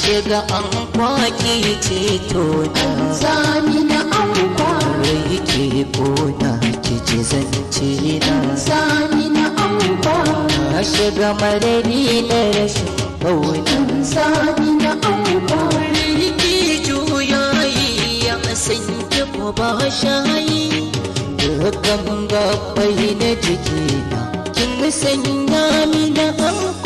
shiga an kwaki ceto na zami na an kwaki yake kona ki ce zance na zami na an kwaki na shiga marari na rashin kauna zami na an kwaki juya yi ya san ki ko ba shayi dukkan gabbai na jikina kin sanya na an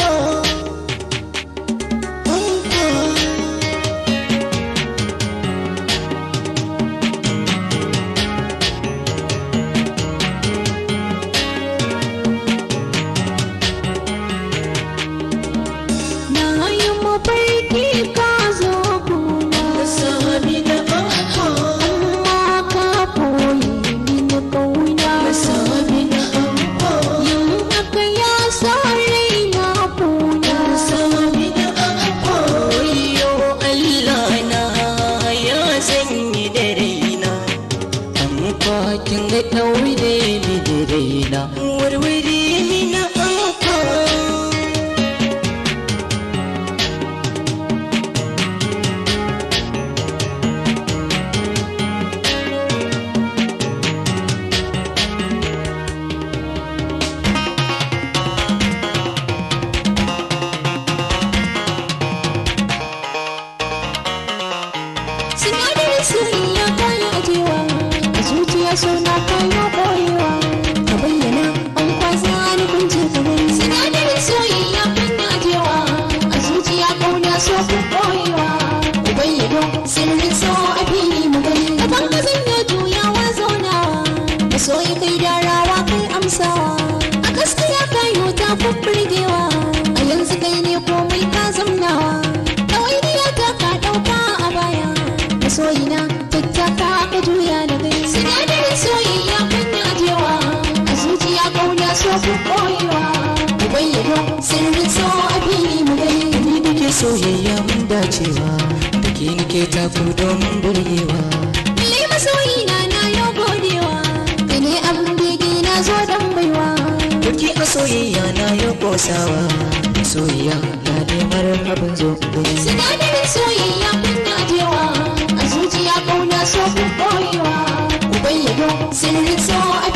kin ga ɗauri da ni da raina warware suna ta na ɓoyewa ka bayyana an kwasa ni kun ka bari sinadarin soyayya kun a zuciya ƙauna so kun ɓoyewa ku bayyano sirrin so a fili mu gani kafan ka zanna juyawa zaunawa masoyi kai darawa kai amsawa a gaskiya kayo ta kumbure soyayya mun cewa take ke ta ku domin burgewa lalle masoyi na na yau godewa ne abin bege na zo dan baiwa kuki a soyayya na yau kosawa soyayya na mara abin zo sinadarin soyayya kun dacewa a zuciya kauna so ku boyewa ku bayyana sirrin so a